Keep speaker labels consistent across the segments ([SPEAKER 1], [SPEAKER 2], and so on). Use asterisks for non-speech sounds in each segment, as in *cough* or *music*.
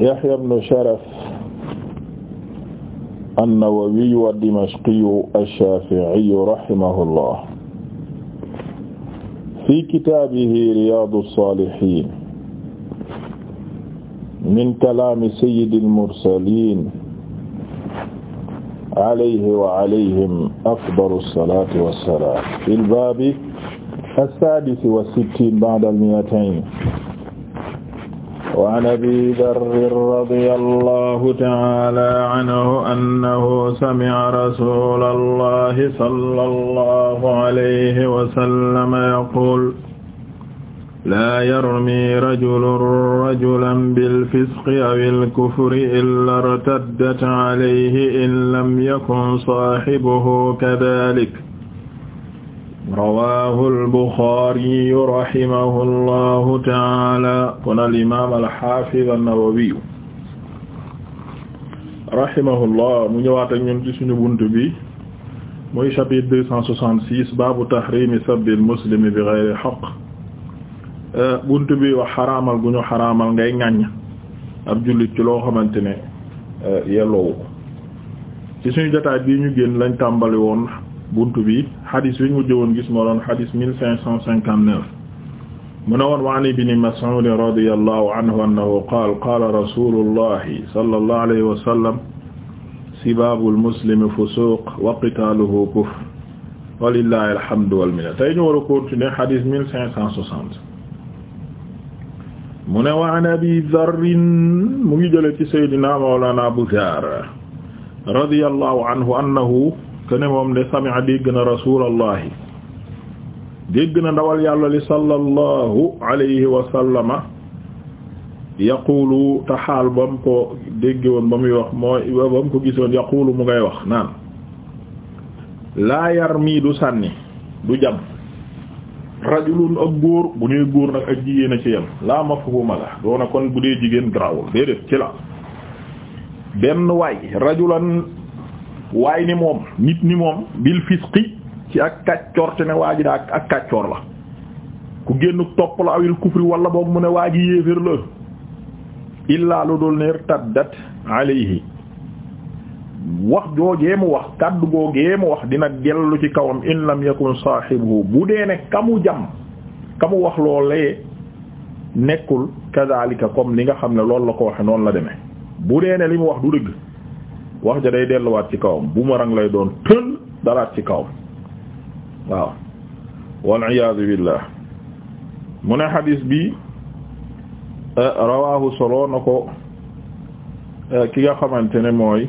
[SPEAKER 1] Yahya ibn Sharaf an-Nawawi ad-Dimashqi ash-Shafi'i rahimahullah fi kitaabihi Riyaadu s-Saalihiin min kalaami sayyidil mursaliin alayhi wa alayhim afdalu s-salaati wa s-salaam fil baabi as-saadisi wa sittiin ba'da al-mi'atayn waan abi darrin radiyallahu ta'ala anhu annahu sami'a rasulallahi sallallahu alayhi wa sallam yaqul laa yarmi rajulun rajulan bilfisqi awil kufri illa irtaddat alayhi in lam yakun saahibuhu kadhalik rawahu albuxaariyu rahimahu allahu taala kon alimaam alxafid annawawiyu rahimahullah mu ñëwaat ak ñun ci suñu bunt bi muy chapitre deux cent soixante-six baabu bi gayri xaq euh, bunt bi wax xaraamal gu ñu xaraamal ngay ŋàññ ab jullit ci loo xamante ne euh, yelloowu ko ci suñu jotaay bii ñu génn lañ tàmbali woon buntu bi xadis bi ñu mujj woon gis moo doon xadis mille cinq cent cinquante neuf mu ne woon wa an ibni Mas'ud radiyallahu anhu annahu qaala qaala rasulullahi sallallahu alayhi wa sallam sibaabul muslimi fusuuq wa qitaaluhu kufr walillahi alhamdu wal minna tey ñu war a continuer xadis mille cinq cent soixante mu ne wa an abi dharrin mu ngi jële ci sayyidina mawlana abu dhar radiyallahu anhu annahu kene moom de sami'a dégg na rasulallahi dégg na ndawal yàlla li sallallahu alayhi wa sallama te xaal ba mu ko dégge ba muy wax mooy ba mu ko gisoon yaqulu mu ngay wax naan laa yar mii du sànni du jam rajulun ak góor bu ñuy góor nag ak jigéen a ci yem laa mafhuma la doona kon bu dee jigéen grawul déedéet ci la benn waay rajulan waaye ni moom nit ni moom bil fisqi ci ak kàccoor te ne waa daa ak kàccoor la ku génn topp la awil kufri wala boog mu ne waa ji yéeféer la illaa lu dul neer taddat alayhi wax joojee mu wax kàddu googee mu wax dina dellu ci kawam in lam yakun saahibuhu bu dee ne kamu jam kamu wax loolee nekkul kadhalika comme li nga xam ne loolu la ko waxe noonu la demee bu dee ne li mu wax du dëgg wax ja day delluwaat ci kawam boomerang lay doon tël dalaat ci kawam waaw wal iyaadu billah mu ne xadiis bi eh, rawaahu solo na ko eh, ki nga xamante ne mooy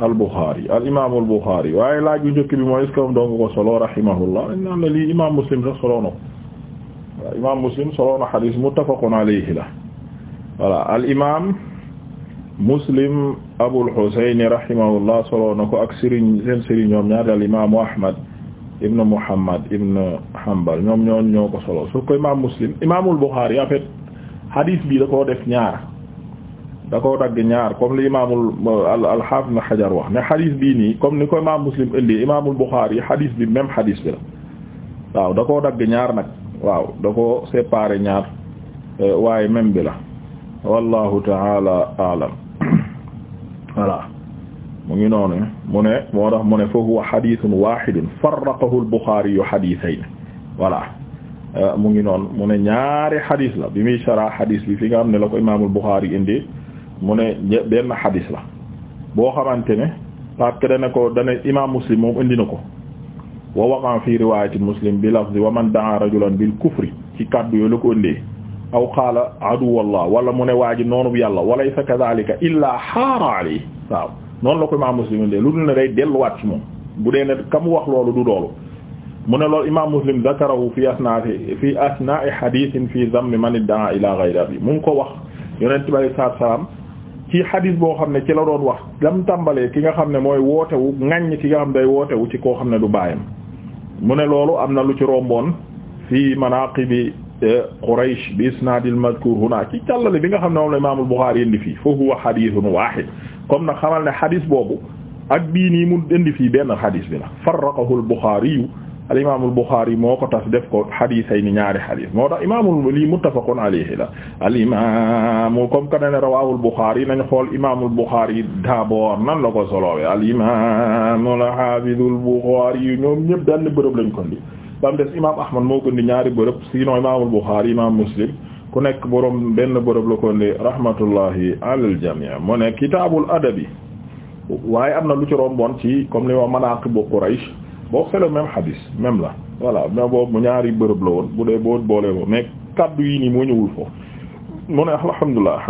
[SPEAKER 1] al Buxaari al imaamu al Buxaari waaye laaj bu njëkk bi mooy est-ce que moom doo ko solo rahimahullah naan la imaam Muslim solo na imaam Muslim solo na xadiis muttafaqun alayhi la voilà muslim abul xusayni rahimahullah soloo na ko ak sëriñ seen sëriñ ñoom ñaar daal imaamu ahmad ibn muhammad ibn hanbal ñoom ñoo ko solo su ko imaam muslim imaamul buxaari en bi da koo def ñaar da koo dagg ñaar comme li imaamul al-hafiz xajar wax ne hadith bii nii comme ni ko imaam muslim indi imaamul buxaari hadith bi même hadith bi la waaw da koo dagg ñaar nag waaw da koo séparé ñaar euh, waaye même bi la wallahu taala alam *coughs* voilà mu ngi noonu mu ne moo tax mu ne fa huwa xadithun wahidun farraqahu al-Bukhari yu xadithayn voilà euh, mu ngi noonu mu ne ñaari xadis la bi muy shara xadis bi fi nga xam ne la ko imaamul Bukhari indi mu ne benn xadis la boo xamante ne parce que dana ko dana imam Muslim moom indi na ko wa waqa fi riwaayati Muslim bi lafzi wa man da'a rajulan bil kufri ci kàddu yooyu la ko indee aw qaala aduwallah wala mu ne waa ji noonu yàlla walaysa kadhalika illaa xaara alay waaw noonu la ko imaam muslim de lu dul ne day delluwaat ci moom bu dee ne ka mu wax loolu du loolu mu ne loolu imaam muslim dakarahu fi asnaati fi asnaai hadithin fi zammi man iddaa ila ghayri abi mu ngi ko wax yonent bi alayhi salaatu salaam ci hadith boo xam ne ci la doon wax lam tàmbalee ki nga xam ne mooy wootewu ŋaññ ki nga xam ne day wootewu ci koo xam ne du baayam mu ne loolu am na lu ci romboon fii manaaqibi Quraysh bi isnaadil mazkuur huna ci càllale bi nga xam ne moom la imaamul Buxaari indi fii fa huwa xadiisun waahid comme nag xamal ne xadis boobu ak bii nii mu indi fii benn xadis bi la farraqahu al Buxaari al imaamul Buxaari moo ko tas def ko xadisay ni ñaari xadis moo tax imaamul lii muttafaqun alayhi la al imaamu comme que ne rawaahul Buxaari nañ xool imaamul Buxaari d'abord nan la ko soloowe al imaamul xaafidul Buxaari ñoom ñëpp benn bërëb lañ ko indi ba mu des imaam Ahmad moo ko ñaari bërëb sinon imaamul Buxaari imaam Muslim ku nekk borom benn bërëb la ko indi rahmatullahi alal jamii mu ne kitaabul adabi waaye am na lu ci romboon ci comme li ma Manaaqibu Quraysh boo xoolee même hadis même la voilà mais boobu ñaari bërëb la woon bu dee boo boolee woon mais kaddu yi nii moo ñëwul foofu. mu ne alhamdulilah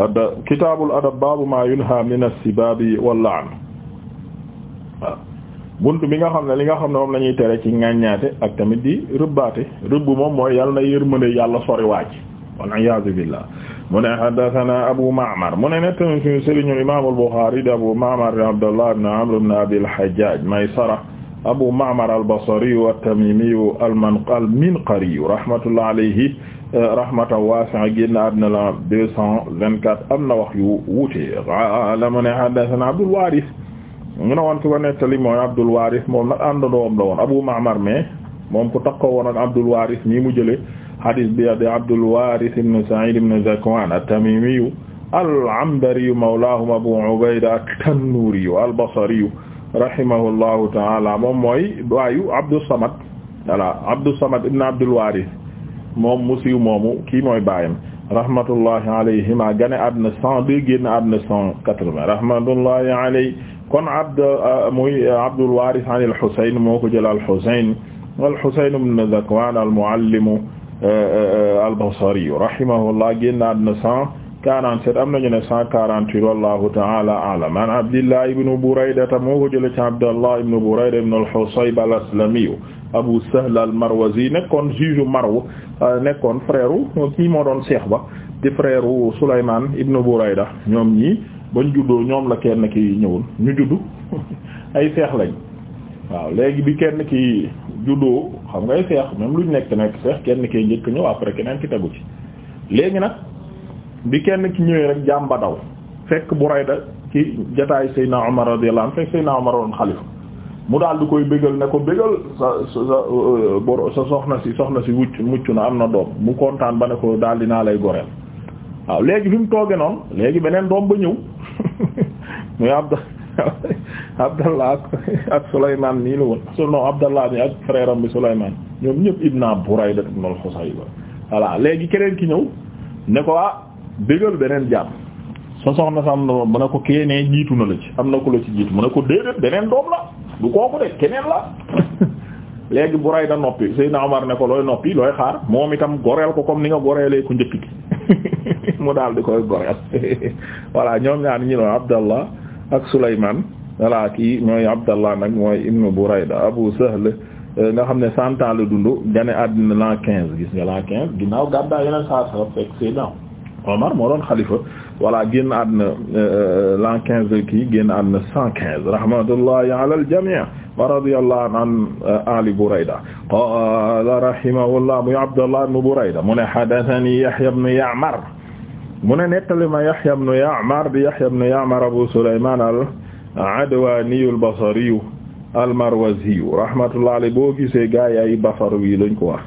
[SPEAKER 1] kitaabul adab baabu maa yunhaa mina sibaabi wal la'n bunt bi nga xam ne li nga xam ne moom la ñuy tere ci ŋàññaate ak tamit di rëbbaate rëbb moom mooy yàlla na yërmande yàlla sori waaj wal iyaazu billah mu ne haddathana abu ma'mar mu ne nettanu suñu sëriñu imam a bukhari di abu ma'mar abdullah ibn amr ibn abi al-hajjaj maysara abu ma'mar al-basri at-tamimi al-minqari rahmatullah alayhi rahmatan waasi'a génn àddina la 224 am na wax yu wuute qala mu ne haddathana abdul warith ñu ne woon ki ko nettali mooy Abdul Waaris moom nag àndandoom la woon Abu Ma'mar mais moom ku takkoo woon ak Abdul Waaris mii mu jëlee hadis bi di Abdul Waaris ibn Sa'id ibn Zakwan at-Tamimiyu al-Anbariyu mawlaahum Abu Ubayda at-Tannuriyu al-Basriyu rahimahullahu ta'ala moom mooy waayu Abdus Samad voilà Abdus Samad ibn Abdul Waaris moom mu siiw moomu kii mooy baayam rahmatullahi alayhima gane àdduna cent deux génn àdduna cent quatre-vingts rahmatullahi alayhi kon abd euh, muy euh, Abdul Waaris an al-Husayn moo ko jël al-Husayn al-Husayn ibn Zakwan al-Muallim euh, al-Basri rahimahullah génn àddina 147 am nañu ne 148 wallahu ta'ala a'lam an Abdillah ibn Burayda moo ko jël ci Abdallah ibn Burayda ibn al-Husayb al-Aslami Abu Sahl al-Marwazi nekkoon juge Marw nekkoon frère kii moo doon seex ba di frère Sulaymaan ibn Burayda ñoom ñi bañ juddoo ñoom la kenn ki ñëwoon ñu juddu *laughs* ay seex lañ waaw léegi bi kenn ki juddoo xam nga ay seex même luñ nekk nekk seex kenn ki njëkk ñëw après keneen ki tegu ci léegi nag bi kenn ki ñëwee rek jàmba daw fekk Burayda ci jataay Seydina Umar radiyallahu anhu fekk Seydina Umar woon xalifa mu daal di koy bégal ko bégal sa sa euh, si soxna si wucc mucc na am na doom mu kontaan ba ne ko daal naa lay goreel waaw léegi fi mu tooge noonu léegi beneen doom ba ñëw muy abd abdallah ak Souleymane nii la woon non abdallah bi ak frère am bi Souleymane ñoom ñëpp ibn Burayda ibn al-Husayba voilà léegi keneen ki ñëw ne ko ah bégal beneen jaam sa soxna sa am na mu ne ko keneen jiitu na la ci am na ko la ci jiitu mu ne ko déedéet beneen doom la du kooku de keneen la *laughs* léegi Burayda noppi Seydina Omar ne ko looy noppi looy xaar moom itam goreel ko comme ni nga goreelee ko njëkk gi *laughs* mu daal di koy goreel *laughs* voilà ñoom ñaar ñi doon Abdallah ak Sulaymaan voilà kii mooy Abdallah nag mooy ibnu Burayda Abu Sahl eh, nga xam ne cent la dund gane na l'an quinze gis nga l'an quinze ginnaaw gàddaa yeneen saa saa fekk Seydina Omar moo doon xalifa voilà génn àddina eh, eh, l'an quinze kii génn àddina cent quinze rahmatullahi ala al jami' wa radiyallahu an ali Burayda qala rahimahullah muy Abdullah ibn Burayda mu ne hadathani Yahya ibn Ya'mar mu ne nettali ma Yahya ibn Ya'mar di Yahya ibn Ya'mar Abu Sulayman al-Adwani al-Basri al-Marwazi rahmatullah alayhi boo gisee gaa yi ay Basra yi lañ ko wax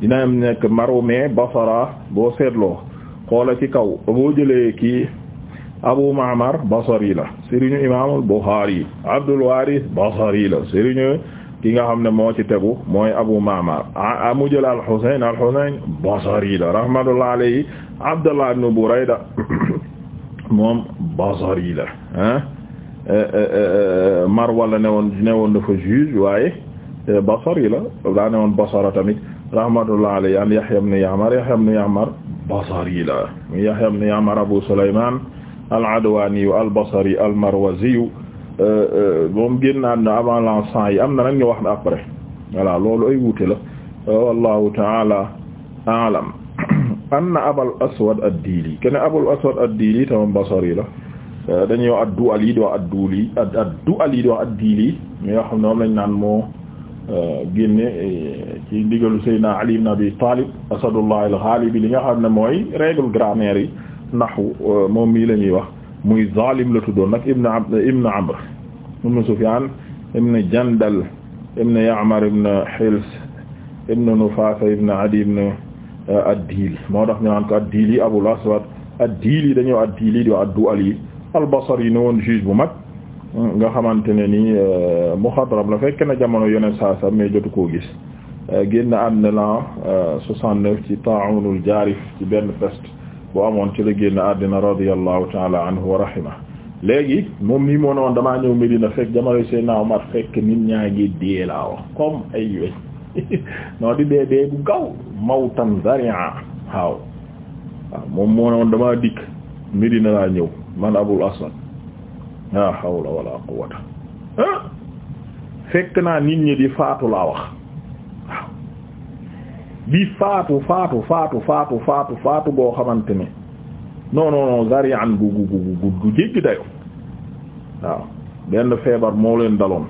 [SPEAKER 1] dina am nekk Marwa mais Basra boo seetloo xoola ci kaw boo jëlee kii Abu Ma'mar basari la sëriñu imaamul Buxaari Abdul Waaris basari la sëriñu ki nga xam ne moo ci tegu mooy Abu Ma'mar amu jël al-Husayn al-Husayn basari la rahmatullahi alayhi Abdullah ibn Burayda *coughs* moom basari la ah eh, eh, eh, Marwala ne woon ne woon dafa juge waaye la daa ne woon basara tamit rahmatullahi alayhi an Yahya la Yahya ibn Ya'mar Abu Sulaymaan al-Adwaaniyu al-Basriyu al-Marwaziyu euh, euh, moom génnaan na avant l'an cent yi am na nag ñu wax na après voilà loolu ay wuute la euh, wallahu taala aalam *coughs* anna Abal Aswad ad-Diili kenn abul Aswad ad-Diili tamam Basri la dañuy wax addu al yi di wax adduuli addu al yi di wax addiili mi nga xam ne moom lañ naan moo génne ci ndigalu Seydina Ali ibn Abi Talib asadullah al-Ghalib li nga xam ne mooy règle grammaire yi naxu euh, moom mii la ñuy wax muy zalim la tuddoon nag ibn abd ibn amr ibn sufyan ibn jandal adi ibn euh, ad moo tax ñu naan ko ad-diili abul aswad ad-diili dañu ad-diili di ad al-basri yi ne woon bu mag hmm, nga xamante ne ni euh, muxadram la fekk na jamono yoneen saa sa mais jotu ko gis génn àddina la 69 ci ta'unul jaarif ci benn bu amoon ci la génn àddina radiyallahu taala anhu wa rahima léegi moom nii moo ne woon damaa ñëw Medina fekk jamono Seydina Omar fekk nit ñaa ngi dee laa wax comme ay yooyu *laughs* non di dee dee bu gaw mawtan zari'a xaw waaw moom moo ne woon damaa dikk Medina laa ñëw man Abul Aswad la hawla wala fekk naa nit ñi di faatu laa wax bi faatu faatu faatu faatu faatu faatu goo xamante ne non non non zari'an gu gu gu gu jéggi dayo waaw benn feebar moo leen daloon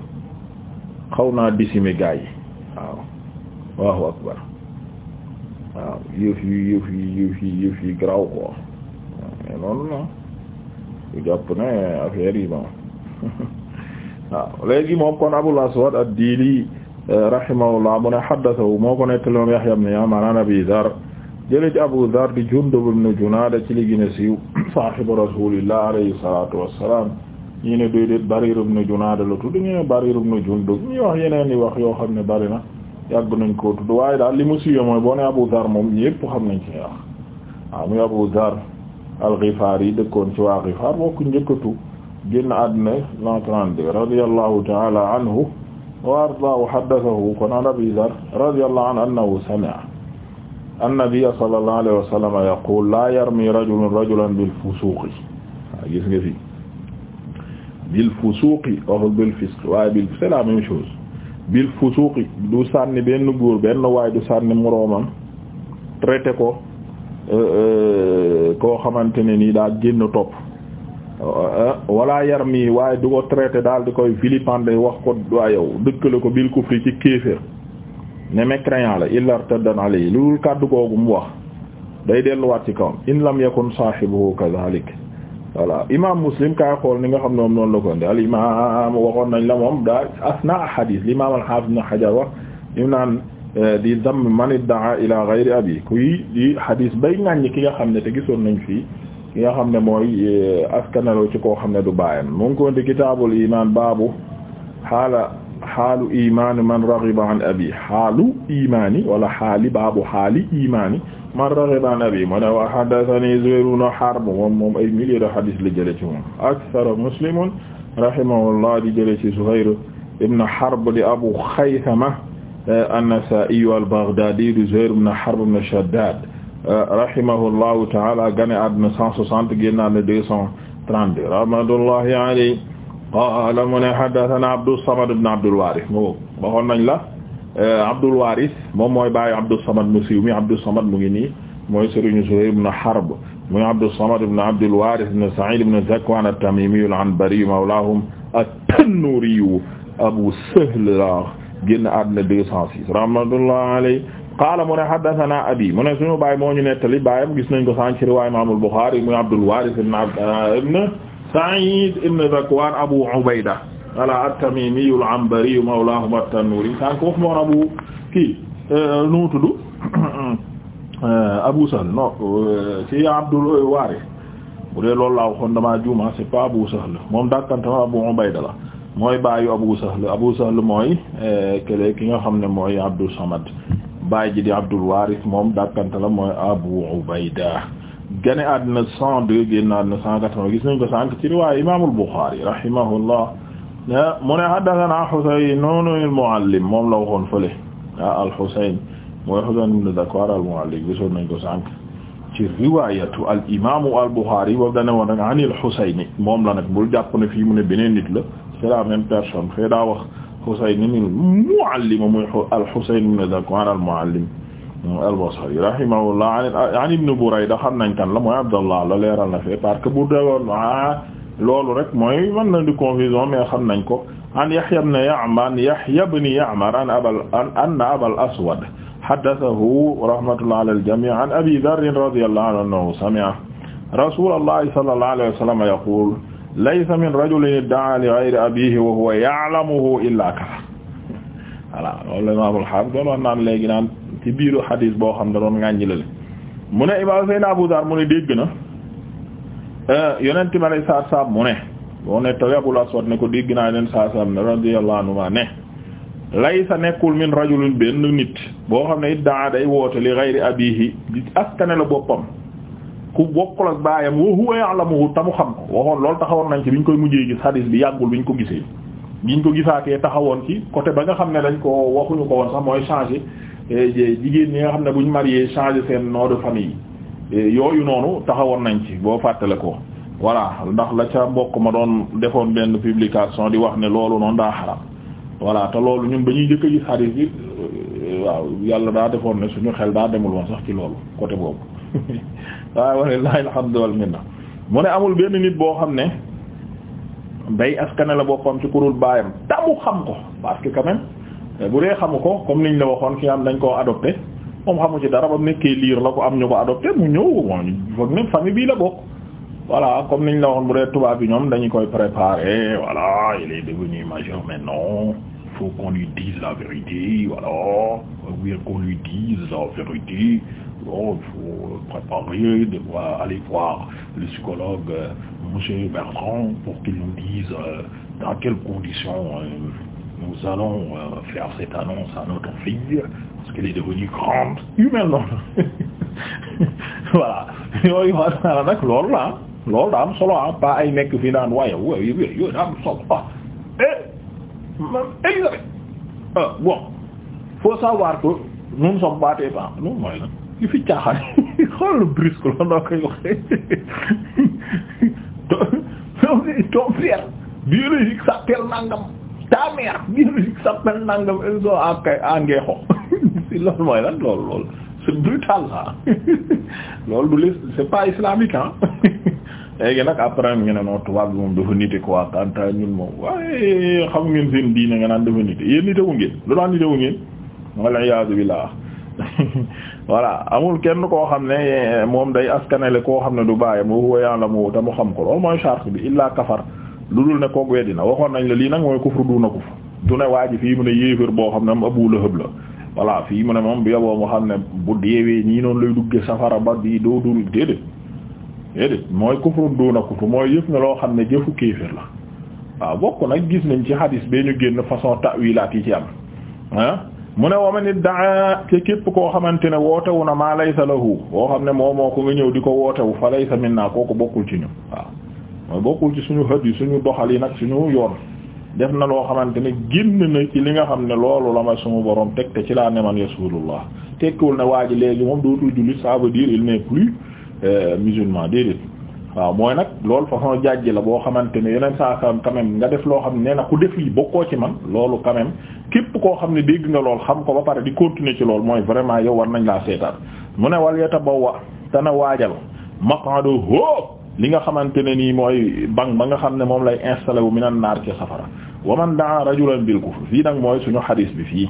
[SPEAKER 1] xaw naa disimi gaa yi waaw waaw akbar waaw yëf yi yëf yi yëf yi yëf yi graw ko mais noonu la ñu jàpp ne affaire yi bon *laughs* waaw léegi moom kon Abul Aswad ad-Dili rahimahullah mu ne haddathahu moo ko nettaloon Yahya ibn Ya'man an Abi Dharr ci Abu Dharr di Jundub ibn Junaada ci li gën a siiw saahibu Rasulillah alayhi salaatu wassalaam ñi ne déedéet Barir ibn Junaada la tudd ñu ne Barir ibn Jundub ñi wax yeneen i wax yoo xam ne bari na yàgg nañ koo tudd waaye daal li mu siiwee Abu Dharr moom ñépp xam nañ ci wax waaw Abu Dharr al-Ghifari yi dëkkoon ci waa Ghifar bokk njëkkatu génn àdduna l'an 32 radiyallahu ta'ala anhu wa ardaahu haddathahu kon an Abi Dharr radiyallahu anhu annahu sami'a annabiyya sallallahu alayhi wa sallam yaqul la yarmi rajulun rajulan bil fusuqi waaw bil fusuqi waxul bil fisq waaye bil c'est la même chose bil fusuqi du sànni benn góor benn waay du sànni moroomam traité ko euh, euh, koo xamante ne nii daa génn topp Euh, wala yarmi waaye du ko traité daal di koy vilipender wax ko waa yow dëkkale ko bil kufri ci kéeféer ne mécréant la illa irtaddan alayhi lu dul kàddu googu mu wax day delluwaat ci kawam in lam yakun saahibuhu kadhalik voilà imam muslim kaay xool ni nga xam ne noonu la ko indi al imam waxoon nañ la moom daa asna hadith li imam al-hafiz ibn hajar wax ñu naan euh, di damm man iddaa ila ghayri abi kuy di hadith bay ŋàññ ki nga xam ne te gisoon nañ fii ki nga xam ne mooy eh, askanalo ci koo xam ne du baayam mu ngi ko ndi kitaabul iman baabu xaala xaalu imaani man raghiba an abi xaalu imaani wala xaali baabu xaali imaani man raghiba an abi mu ne wa haddathani Zuhayr ibn Harb moom moom ay milliers de hadith la jële ci moom akthar muslimun rahimahullah di jële ci Zuhayr ibn Harb di Abu Khaythama eh, an-Nasa'i al-Baghdadi di Zuhayr ibn Harb ibn Shaddad Euh, rahimahullahu ta'ala gane àdduna 160 génnaat na 232 rahmatullahi alayhi qaala mu ne haddathana Abdus Samad ibn Abdul Waris mo waxoon nañ la euh, Abdul Waris moom mooy baayu Abdus Samad mu siiw mi Abdus Samad mu ngi nii mooy sëriñu Suhayb ibn Harb muy Abdus Samad ibn Abdul Waris ibn Sa'id ibn Zakwan at-Tamimi al-Anbari mawlahum at-Tannuri Abu Sahl génn àdduna 206 rahmatullahi alayhi qaala mu ne haddathana abi mu ne suñu baay moo ñu nettali baayam gis nañ ko sànq ci riwaaya Imaam al-Bukhari muy Abdul Waaris ibn euh, ibn Sa'id ibn Abu Ubayda voilà at-Tamimi al-Anbari mawlaahum at-Tannuuri sànq wax moon abu kii euh, nu euh, Abu Sahl non ci Abdul Waaris bu dee loolu laa waxoon damaa juuma c'est pas Abu Sahl moom dàkkantama Abu Ubayda la mooy baayu Abu Sahl Abu Sahl mooy kële ki nga xam ne mooy Abdus Samad baay ji di Abdul Waaris moom dàkkante la mooy Abu Ubayda gane àddina cent deux génn àddina cent quatre-vingt gis nañ ko sànq ci riwaaya Imaamul Buxaari rahimahullah ah, mu ne haddasanaa Husayn noonu Muallim moom la waxoon fële ah al-Husayn mooy Husayn ibn Dakwaar al-Muallim gisoon nañ ko sànq ci riwaayatu al imaamu al Buxaari boobu dane woon rek anil Husayn moom la nag bul jàpp ne fii mu ne beneen nit la c'est la même personne fee daa wax Husayn al-Muallim muy al-Husayn ibn Dhakwaan al-Muallim al-Basri rahimahullah an Ibn Burayda xam nañ kan la mooy Abdallah la leeral na fee parce que bu deewoon ah loolu rek mooy mën na di confusion mais xam nañ ko an Yahya ibn Ya'mar Yahya ibn Ya'mar an abal anna Abal Aswad haddathahu rahmatullah ala al-jami' an Abi Dharr radiyallahu anhu sami'a Rasulullah sallallahu alayhi wa sallam yaqul laysa min rajulin idda'a li ghayri abihi wa huwa ya'lamuhu illaa kafa voilà loolu la imaamul xaafis doon wax naan naan ci biiru xadiis boo xam ne doon ŋàññi la mu ne imaam Seydina Abu Dar mu ne dégg na euh, yonent ma lay saar saab mu ne boo ne tawi Abul ne ko dégg naa leen saar saab ne radiyallahu anhuma ne laysa nekkul min rajulin benn nit boo xam ne idda'a day woote li ghayri abihi di askane la boppam ku bokkul ak baayam wa huwa ya'lamuhu tamu xam ko waxoon loolu taxawoon nañ ci biñ koy mujjee gis xadiis bi yàggul biñ ko gisee biñ ko gisaatee taxawoon ci côté ba nga xam ne dañ ko waxuñu ko woon sax mooy changer eh, jigéen ñi nga xam ne buñ marié changer seen nom de famille eh, yooyu noonu taxawoon nañ ci boo fàttale ko voilà ndax la ca mbokk ma doon defoon benn publication di wax ne loolu noonu daa xaram voilà te loolu ñun ba ñuy jëkk a gis xadiis eh, yàlla daa defoon ne suñu xel daa demul sax ci loolu côté boobu *laughs* waaye walillahi alhamdu wal minna mu ne amul benn nit boo xam ne bay day askane la boppam ci kurul baayam tamu xam ko parce que quand bu dee xamu ko comme niñ la waxoon ki am dañ koo adopté moom xamu ci dara ba mu nekkee liir la ko am ñu ko adopté mu ñëw bon foog bii la bokk voilà comme niñ la waxoon bu dee tubaab bi ñoom dañu koy préparer voilà il est devenu majeur maintenant il faut qu'on lui dise la vérité voilà il faut la vérité bon il faut préparer de voir aller voir le psychologue euh, monsieur Bertrand pour qu'il nous dise euh, dans quelles conditions euh, nous allons faire cette annonce à notre fille parce qu'elle est devenue grande humainement *laughs* voilà yooyu waanaa *laughs* nag loolu la loolu daa am solo ah pas ay nekk fi naan waaye wooyu yooyu daa am solo ah. eh, eh, ah, bon faut savoir que nous ne sommes pas tes parents li fi caaxaan *laughs* xool brusque la noo koy waxee *laughs* ton frère biologique s'appelle nangam ta mère biologique s'appelle nangam elles sont à à Ngeexo loolu mooy lan loolu loolu c'est brutal ça ah. *laughs* loolu du l' c'est pas islamique ah. léegi nag après ñu ne non tubaab bi moom dafa nite quoi kanta ñun moom waaye xam ngeen seen diine nga naan dafa nite yéen nite wu ngeen lu daan nite wu ngeen wal iyaazu billaah voilà amul kenn koo xam ne eh, moom day askanale koo xam ne du bàyyi mu huwa ya'lamu te mu xam ko loolu mooy charte bi illaa kafar lu dul ne koog weddi na waxoon nañ la lii nag mooy kufru du na kufru du ne waa ji fii mu ne yéefér boo xam ne am la voilà fii mu ne moom bi yoboo mu xam ne bu deewee ñii noonu lay dugge safara ba di doo dul mooy kufru du na kufru mooy yëf na loo xam ne jëfu kéefér la waaw bokk nag gis nañ ci hadis bee ñu génn façon ta'wilaat yi ci am ah mu ne wa man iddaa ke képp koo xamante ne wootewu na maa laysa lahu boo xam ne moo moo ko nga ñëw di ko wootewu fa laysa minna kooku bokkul ci ñu waaw mooy bokkul ci suñu hët yi suñu doxal yi nag suñu yoon def na loo xamante ne génn na ci li nga xam ne loolu la ma suñu borom teg ci laa neman rasulullah tekkiwul ne waa ji léegi moom dootul jullit ça veut dire il n'est plus euh, musulman déedéet waaw mooy nag loolu façon jàjj la boo xamante ne yeneen saa sam quand même nga def loo xam ne nee na ku def lii bokkoo ci man loolu quand même képp koo xam ne dégg nga lool xam ko ba pare di continuer ci loolu mooy vraiment nañ laa seetaan mu ne wal yeta ba wa dana waajal maqado ho li nga xamante ne nii mooy bang ba nga xam ne moom lay installé wu minan naar ci safara waman daa rajulan bil ko fii nag mooy suñu xadis bi fii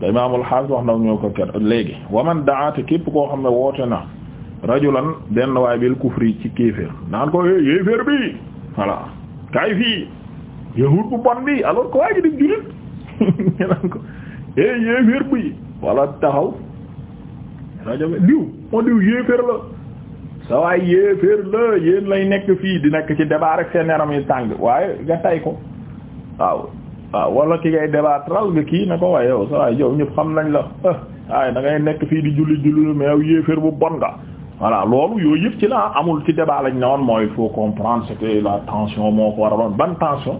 [SPEAKER 1] te imaamul xaas wax na ñoo ko ker léegi waman daa te képp koo xam ne woote na rajulan benn waay bil kufri ci kéeféer naan ko eh, yéeféer bi voilà kay fii yahut bu bon bi alors que waa ji di jullit *laughs* ñu naan ko eh, yéeféer bi wala taxaw rajo bi diw moo diw yéeféer la sa waay yéeféer la yéen lay nekk fii di nekk ci débat rek seen yaram yi tàng waaye nga tay ko waaw waaw ki ngay débatral nga kii na ko waaye yow sa waay yow ñëpp xam nañ la *laughs* waaye da nekk fii di julli julli mais yow yéeféer bu bon nga voilà loolu yooyu yëpp ci la amul ci débat lañ ne mooy faut comprendre c'est que la tension moo ko war a doon ban tension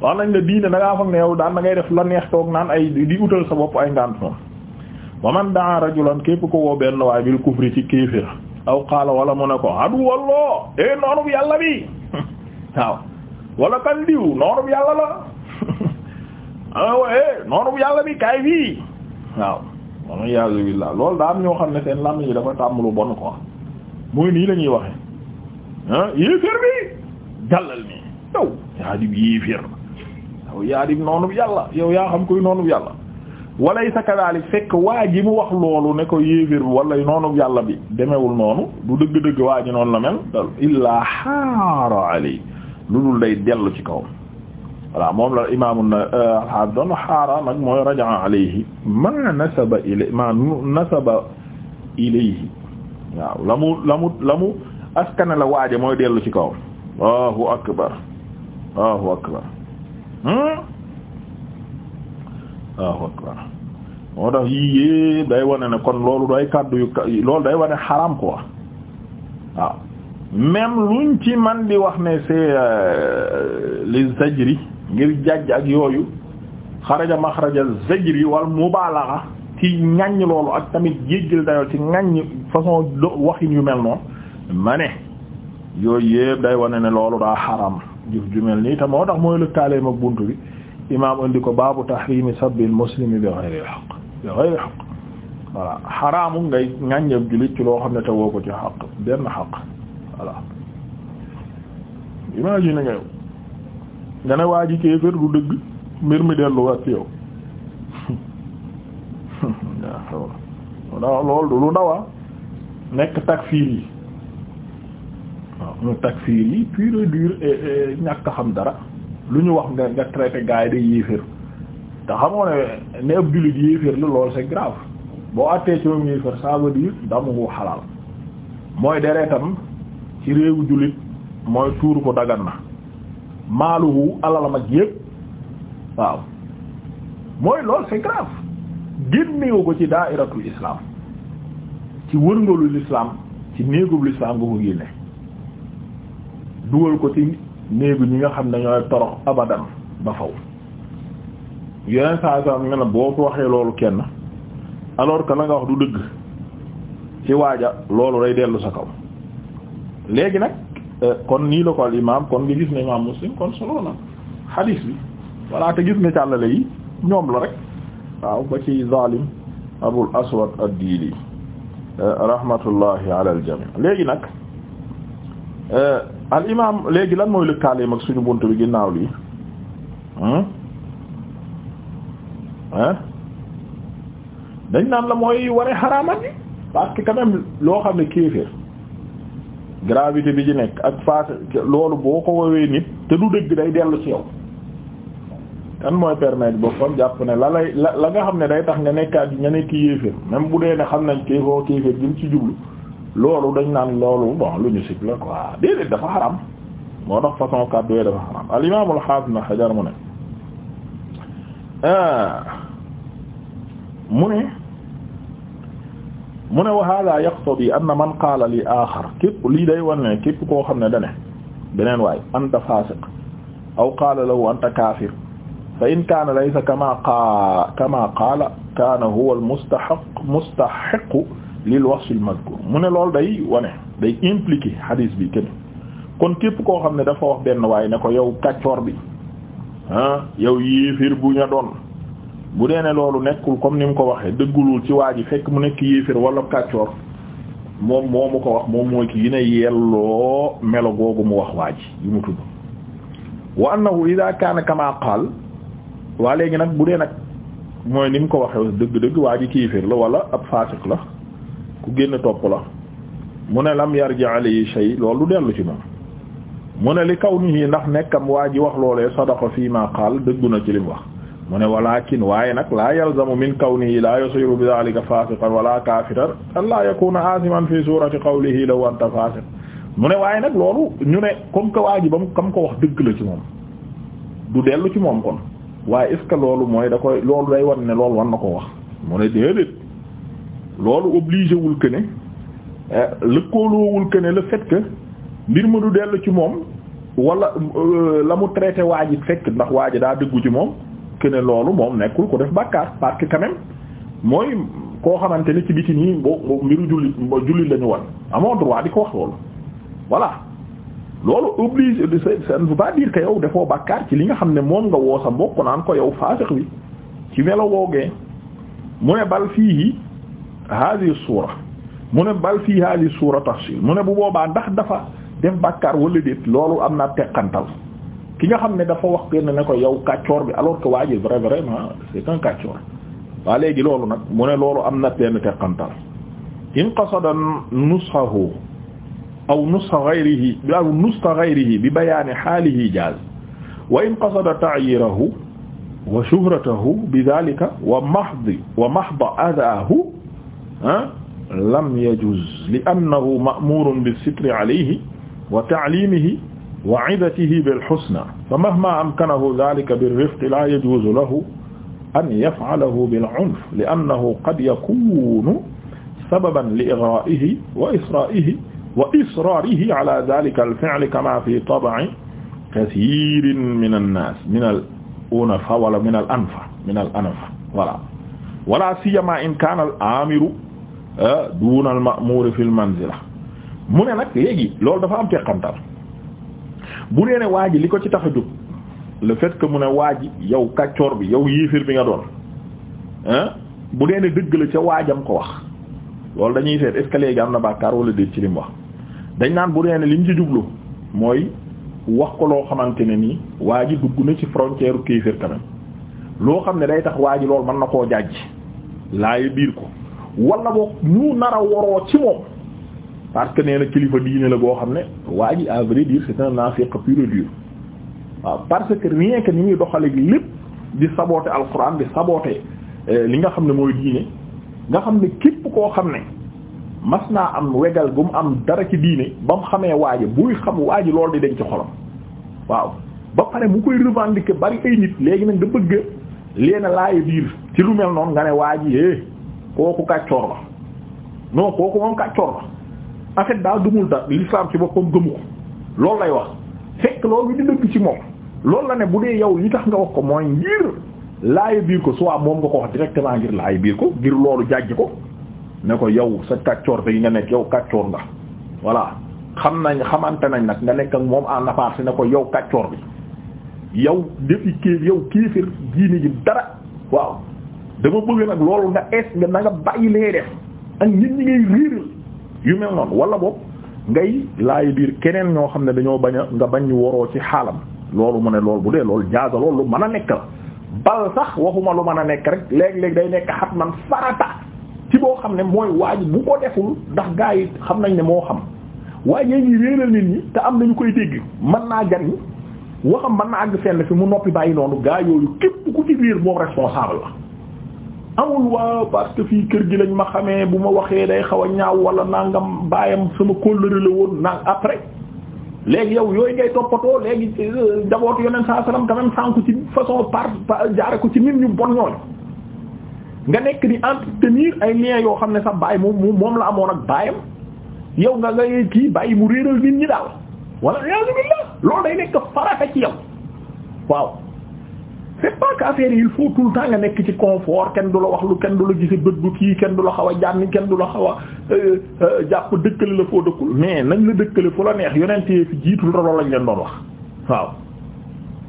[SPEAKER 1] wax nañ ne diine da ngaa yow daan da def la neex toog naan ay di utal sa bopp ay ngànt noonu man daa rajulan képp ko woo benn waaye bil kufri ci kéefér aw qaala wala mu ne ko adu walloo e eh, noonub yàlla bi *laughs* waaw wala kan diw noonub yàlla la *laughs* aw e eh, noonub yàlla bi kaay fii waaw wala yaasu billah loolu daa am ñoo xam ne seen làmmiñ yi dafa tàmm lu bon ko mooy nii la ñuy waxe ah yéeféer bi jàllal nii yow yaa dib yéeféer yow yaa koy noonub yàlla walaysa kadalik fekk waa ji mu wax loolu ne ko yéeféer bi wala noonub yàlla bi demewul noonu du dëgg-dëgg waa ji noonu la mel dal illaa xaara lu dul day dellu ci kaw voilà moom la imaamu na alxaab ah doon nag mooy rajaa alayhi ma nasaba ilay ma nasaba ilayhi waaw la mu la mu la mu askana la waaje mooy dellu ci kaw Allahu akbar Allahu akbar hmm? Allahu akbar moo tax yii yépp day wane ne kon loolu day kàddu yu loolu day wane xaram ko waaw même luñ ci man di wax ne c'est euh, li zajri ngir jàjj ak yooyu xaraja maxraja zajri wal mubaalaxa ci ŋaññ loolu ak tamit jéggil dayoo ci ŋaññ façon waxin yu mel noonu ma ne yooyu yëpp day wane ne loolu daa xaram jëf ju mel nii te moo tax mooy lëkkaaleem ak bunt bi imaam indi ko baabu tahrimi sabbil muslimi bi ghayril haqq bi ghayril haqq voilà xaraamu ngay ŋàññeeb jullit ci loo xam ne te woo ko ci xaq benn xaq voilà imagine nga yow nga ne waa ji kéefër du dëgg mbir mi delluwaat ci yow waaw loolu lu ndaw nekk takfiir yi waaw mu takfiir yi pure et ñàkk xam dara lu ñu wax nga nga traité gars yi day yéeféer te xamoo ne ne ab jullit yéeféer la loolu c'est grave boo àttee ci moom yéeféer ça veut dire xalaal mooy deretam ci réewu jullit mooy tuur ko dagan na maaluhu alalam ak yépp waaw mooy loolu c'est grave génnewu ko ci daairatul islam ci wërngalu lislaam ci néegub l'islam nga ko génne dugal ko ci néegu ñi nga xam ne ñooy torox abadan ba faw yeneen saa saa nga ne boo ko waxee loolu kenn alors que la nga wax du dëgg ci waaja loolu day dellu sa kaw léegi nag euh, kon nii la ko al imaam kon nga gis ne imaam muslim kon solo na xadiis bi walla te gis ne càllale yi ñoom la rek waaw ba ci zalim abul aswad ad-dili eh, rahmatullahi ala al léegi nag eh, al imam léegi lan mooy lëkkaaleem ak suñu bunt bi ginnaaw lii ah dañ naan la mooy ware xaraamat yi parce que loo xam ne kéeféer gravité bi ci nekk ak faat loolu boo ko woowee nit te du dëgg day dellu si yow kan mooy boo boppam jàpp ne la lay la la nga xam ne day tax nga nekkaat nga nekk yéeféer même bu dee ne xam nañ kii foo kii gi mu ci jublu loolu dañ naan loolu bon lu ñu sib la quoi déedéet dafa xaram moo tax façon kàddu yooyu dafa xaram al imaam al na xajar mu ne ah, mu ne mu ne wa hada yaqtadi anna man qaala li aaxar képp lii day wan ne képp koo xam ne dane beneen waay anta faasiq aw qaala lahu anta kaafir fa in kaana laysa kama qaala kama qaala kaana huwa al mustaxaq mustaxiqu lil wasf al mazkur mu ne lool day wane day impliqué hadis bi kenn kon képp koo xam ne dafa wax benn waay na ko yow kaccoor bi ah yow yéefir bu ña doon bu dee ne loolu nekkul comme ni mu ko waxee dëggulul ci waa ji fekk mu nekk yéefir wala kàccoor moom moo mu ko wax moom mooy ki ne yelloo melo googu mu wax waa ji yi mu tudd wa ida kaana kama qaal waa léegi nag bu dee nag mooy ni mu ko waxee dëgg-dëgg waa ji kiifir la wala ab faasiq la ku génn topp la mu ne lam yarji yi shay loolu du dellu ci moom mu ne li kaw nit ñi ndax nekkam waa ji wax loolee sadaqa fii ma qaal dëggu na ci li mu wax mu ne walakin waaye nag laa yalzamu min kawnihi laa yasiru bi dhalika fasiqan wala kafiran an laa yakuna aasiman fi surati qawlihi la anta fasiq mu ne waaye nag loolu ñu ne comme que waa ji ba mu kam ko wax dëgg la ci moom du dellu ci moom waaye est-ce que loolu mooy da koy loolu day wan ne loolu war na ko wax mu ne déedéet loolu obligé wul que ne euh, lëkkooloowul que ne le fait que mbir ma du dellu ci moom wala euh, la mu traité waa ji fekk ndax waa ji daa dëggu ci moom que loolu moom nekkul ko def bàkkaar parce que quand même mooy koo xamante ne ci biti nii bo mbiru jullit jullit la ñu wan amoo droit di ko wax loolu voilà. loolu obligé ça ne veut ba dire que yow dafoo bàkkaar ci li nga xam ne moom nga woo sa mbokk naan ko yow faasiq bi ci melo woogee mu ne bal fii hadi suura mu ne bal fii hadi suura tafsil mu ne bu boobaa ndax dafa def bàkkaar wala déet loolu am naa teqantal ki nga xam ne dafa wax kenn ne ko yow kàccoor bi alors que waa ji vrai vraiment c'est un kàccoor waa léegi loolu nag mu ne loolu am na benn teqantal in qasada nushahu aw nusxa ghayrihi aw nusxa ghayrihi bi bayaani haalihi jaaz wa in qasada ta'yiirahu wa shuhratahu bi dhaalika wa mahdi wa mahda adaahu lam yajuz li annahu ma'muurun bis-sitri alayhi wa ta'liimihi wa 'idatihi bil-husnaa fa mahmaa amkanahu dhaalika bir-rifqi laa yajuuzu lahu an yaf'alahu bil-'unf li annahu qad yakuunu sababan li ighaa'ihi wa israa'ihi wa israarihi ala daalika al-fi'li kamaa fi tab'i min an min al wala min al-anfa voilà wala siyamaa in kaana al-aamiru ah, duuna al fi al mu ne nag léegi loolu dafa am teqantal bu dee ne waa ji li ko ci tax a jóg le fait que mu ne waa yow kàccoor bi yow yéefir bi nga doon ah, bu dee ne dëgg la ca waajam ko wax loolu dañuy seet est ce que am na bàkkaar wala déet ci li dañ naan bu dee ne lim ci jublu mooy wax ko loo xamante ne nii waa ji dugg na ci frontière kéefër quand loo xam ne day tax waa ji lool mën na koo jàjj laaye biir ko walla boog ñu nar a waroo ci moom parce que nee na kilifa diine la boo xam ne waa ji à vrai dire c'est un nafiq pur et waaw parce que rien que ni ngi doxalee lépp di saboter alxuraan di saboter eh, li nga xam ne mooy diine nga xam ne képp koo xam ne. mas naa am wegal bu mu am dara ci diine ba mu xamee waaji buy xam waaji loolu di denc ci xolam waaw ba pare mu koy revendiquer bari ay nit léegi nag nga bëgg leena laaya biir ci lu mel noonu nga ne waaji é eh kooku kàccoor la non kooku moom kàccoor la en fait daal dumul da l'islam ci boppam gëmu ko loolu lay wax fekk loolu di dëgg ci moom loolu la ne bu dee yow li tax nga wax ko mooy ngir laaya biir ko soit moom nga ko wax directement ngir laaya biir ko ngir loolu jàjj ko ne ko yow sa kàccoor yi nga nekk yow kàccoor nga voilà xam nañ xamante nañ nag nga nekk ak moom en aparté ne ko yow kàccoor bi yow defi kii yow kiifir diini ji dara waaw dama bëgg nag loolu nga ees nga na nga bàyyi lee def ak nit ñi ngay riiral yu mel noonu wala boobu ngay laayi biir keneen ñoo xam ne dañoo bañ a nga bañ waroo ci xaalam loolu mu ne loolu bu dee loolu jaaza loolu lu mën a nekk la bal sax waxuma lu mën a nekk rek léeg-léeg day nekk xat ci boo xam ne mooy waaj bu ko deful ndax gaa yi xam nañ ne moo xam waaye ngi réeral nit ñi te am nañu koy dégg mën naa gan waxam man na àgg fenn fi mu noppi bàyyi noonu gaa yooyu képp ku ci biir moom responsable la amul waa parce que kër gi lañ ma xamee bu ma waxee day xaw a ñaaw wala nangam baayam sama kóllëre la woon naan après léegi yow yooyu ngay toppatoo léegi euh, njabootu yoneen saa salaam quand même sànku ci façon par jaare ko ci nit ñu bon ñooñu nga nekk di entretenir ay liens yoo xam ne sa baay moom moom la amoon ak baayam yow nga nga kii bàyyi mu réeral nit ñi daal wala yasubillah loolu day nekk farata ci yow waaw c'est pas qu'affaire il faut tout temps nga nekk ci confort kenn du la wax lu kenn du la gise bët bu kii kenn du la xaw a jànni kenn du la xaw a euh, euh, jàpp dëkkale la foo dëkkul mais nañ la dëkkale fu la neex yonentee fi jiitul loolu lañ leen doon wax waaw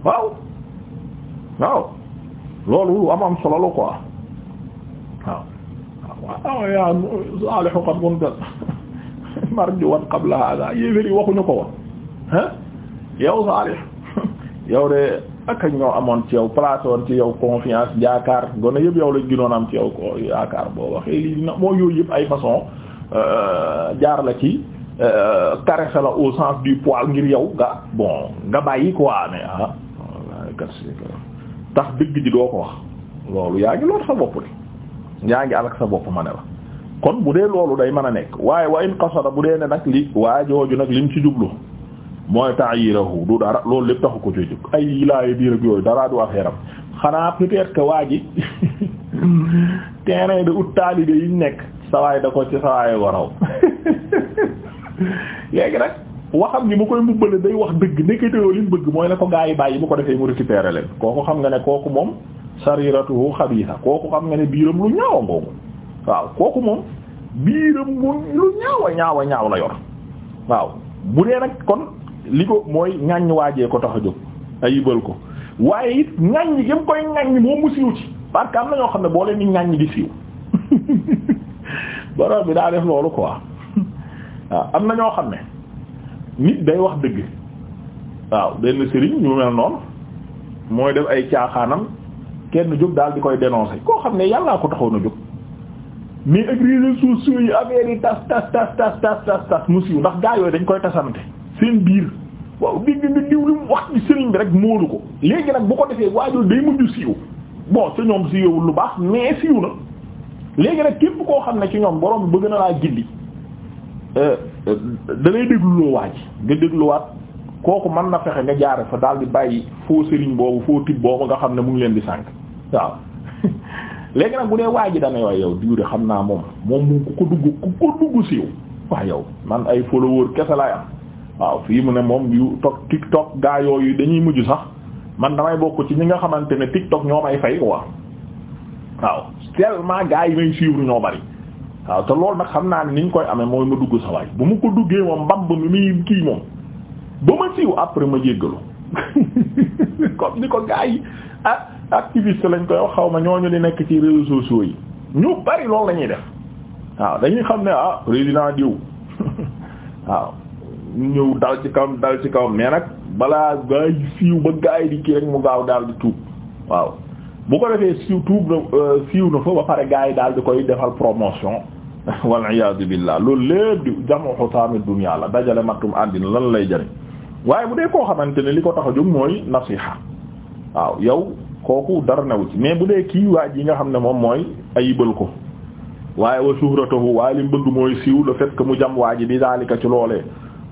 [SPEAKER 1] waaw waaw loolu am am solo la quoi waaw waaw yaa Saalihu qad kunta *laughs* marjuwan qabla hada yéefér yi waxuñu ko woon ah yow Saalih *laughs* de ak ñoo amoon ci yow placé woon ci yow confiance jaakaar gone yëpp yow lañ gënoon am ci yow ko yaakaar boo waxee lii na moo yooyu yëpp ay façon euh, jaar la ci euh, caresse la au sens du poil ngir yow nga bon nga bàyyi quoi ne ah kat tax dëgg ji doo ko wax loolu yaa ngi lool sa bopp de yaa ngi alak sa bopp ma ne la kon bu dee loolu day man a nekk waaye wa in qasada bu dee ne nag li waa nag nag lim ci jublu mooy ta'yirahu du dara loolu lépp taxu ko ci jub ay yilaay biir ak yooyu daraa du affaire am xanaa peut-être que waa ji *laughs* terrain de ut taalibe yi nekk sawaay da ko ci sawaay waraw *laughs* léegi nag waxam ni mu koy mbubbale day wax dëgg nekkatewoo li mu bëgg mooy ne ko gaa yi bàyyi bu ko defee mu récupérer leen kooku xam nga ne kooku moom sariratuhu xabiisa kooku am nga ne biiram lu ñaawa ngoogu waaw kooku moom biiram lu ñaawa ñaawa ñaaw la yor waaw bu dee nag kon li ko mooy ŋàññ waajee ko tax a jóg ayibal ko waaye it ŋàññ gi siiw ci ñoo xam ne boo leen di ŋàññ di *laughs* bi daa def loolu quoi waaw am na ñoo xam ne nit day wax dëgg waaw benn sëriñ ñu mel noonu mooy def ay caaxaanam kenn jóg daal di koy dénoncer koo xam ne yàllaa ko taxoon na jóg mais ak réseaux sociaux yi affaire yi tas tas tas tas tas tas mu siiw ndax gaa yooyu dañ koy tasante seen biir waaw dégg nga diw mu wax ci sëriñ bi rek moolu ko léegi nag bu ko defee waajur day mujj siiw bon ci ñoom siiwul lu baax mais siiw na léegi nag képp koo xam ne ci ñoom borom bi bëgg na laa gindi euh, da lay dégluloo waaj nga dégluwaat kooku man na fexe nga jaare fa daal di bàyyi foo sëriñ boobu foo tib nga xam ne mu ngi leen di sànk waaw léegi nag bu dee waa ji dana yow yow diwde xam naa moom moom moom ku ko duggu ku ko dugg siiw waaw yow man ay follower kese laay am waaw fii mu ne moom yu toog TikTok gaa yooyu dañuy mujj sax man damay bokk ci ñi nga xamante ne TikTok ñoo may fay quoi waaw tellement gaa yi may suivre ñoo bari waaw te loolu nag xam naa ne ni ñu koy amee mooy ma dugg sa waay bu ma ko duggee moom mbamb mi muy kii moom ba ma siiw après ma jéggalu *laughs* comme ni ko gaa ah, activiste lañ koy wax xaw ma ñooñu di nekk ci réseaux sociaux yi ñu bari loolu la ñuy def waaw dañuy xam ne ah président diw *laughs* waaw ñëw dal ci kaw dal ci kaw mais nag balaa gaa yi siiw ba gaa di kii rek mu gaaw daal di tuub waaw bu ko defee siiw tuub na euh, siiw na fa ba pare gaa yi daal di koy defal promotion *laughs* wal iyaadu billah loolu lépp di jamu xutaami dunya la dajale matum àddina lan lay jëriñ waaye bu dee koo xamante ne li ko tax a jóg mooy nasiha waaw yow kooku dara newu ci mais bu dee kii waa yi nga xam ne moom mooy ay ayibal ko waaye wa suhratahu waaye li mu bëgg mooy siiw la fait mu jam waa ji bi daalika ci loolee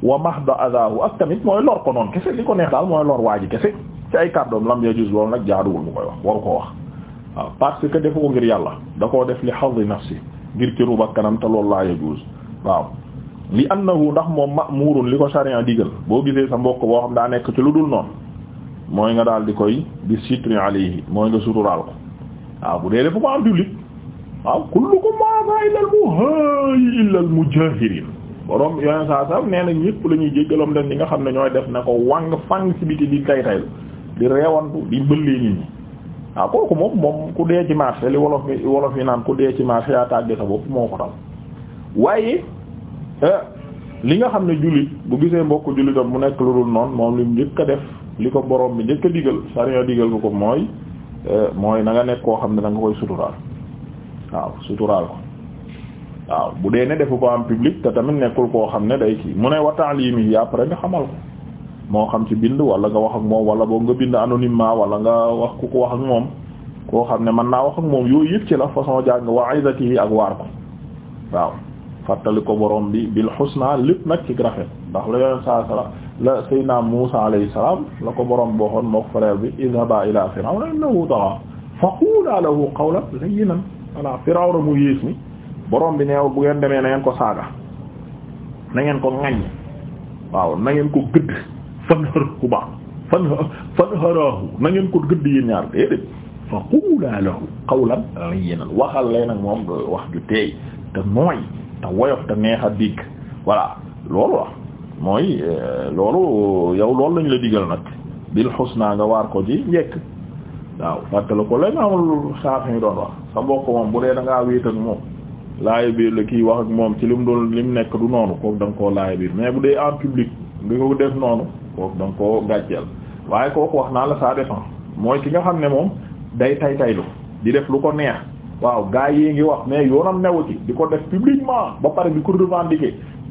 [SPEAKER 1] wa mahda adahu ak tamit mooy lor ko noon kese li ko neex daal mooy lor waa ji kese ci ay kàddoom lam yajuz loolu nag jaaduwul mu koy wax waru ko wax waaw parce que defu ko ngir yàlla da koo def li xadi nafsi ngir ci ak kanam te loolu laa yajuz waaw li annahu ndax moom ma'murun li ko sharia digal boo gisee sa mbokk boo xam daa nekk ci lu dul noonu mooy nga daal di koy bi sitri alayhi mooy nga suturaal ko waaw bu dee dafa ko am jullit waaw kullukum maaga illal muhaayi illal mujaahirin borom yoneen saa saa nee ñëpp la ñuy jéggalom dem ñi nga xam ne ñooy def na ko wàng fang ci biti di tay taylu di reewantu di bëllee nit ñi waaw kooku moom moom ku dee ci marché li wolof mi wolof yi naan ku dee ci marché yaa tàgge sa bopp moo ko dal waaye eh, li nga xam ne jullit bu gisee mbokk jullitam mu nekk lu dul noonu moom lim def li ko borom bi njëkk a digal sariya digal ko ko mooy eh, mooy na nga nekk koo xam ne da nga koy suturaal waaw suturaal ko waaw bu dee ne defu ko en public te tamit nekkul koo xam ne day kii mu ne wa ta'limi après nga xamal ko moo xam ci bind wala nga wax ak moom wala boo nga bind anonymement wala nga wax ku ko wax ak moom koo xam ne mën naa wax ak moom yooyu yëpp ci la façon jàng wa izatihi ak waar ko waaw fàttali ko boroom bi bil husna lépp nag ci la Seydina Muusa alayhi salaam la ko borom booxoon moo ko frère bi idhaba ila firawna innahu tagha faqula lahu qawlan layyinan mu yées mi borom bi neew bu ngeen demee nangeen ko saaga na ko ŋaññ waaw na ko gëdd fanharhu ba fan fanharahu na ngeen ko gëdd yéen ñaar déedéet faqula lahu qawlan layyinan waxal lay nag moom wax ju teey te nooy te woyof te neex a dégg voilà loolu la mooy euh, loolu yow loolu lañu la digal nag bil naa nga waar ko ci njekk waaw fàttali ko la imaamul Shaafi'i yi doon wax sa mbokk moom bu dee da ngaa wéet ak moom laaya biir la kii wax ak moom ci li lim doon lim nekk du noonu kooku da nga koo laaya biir mais bu dee en public nga ko def noonu kooku da nga gàcceel waaye kooku wax naa la ça dépend mooy ki nga xam ne moom day tay taylu di def lu ko neex waaw gaa yi ngi wax mais yoonam newu ci di ko def publiquement ba pare di ko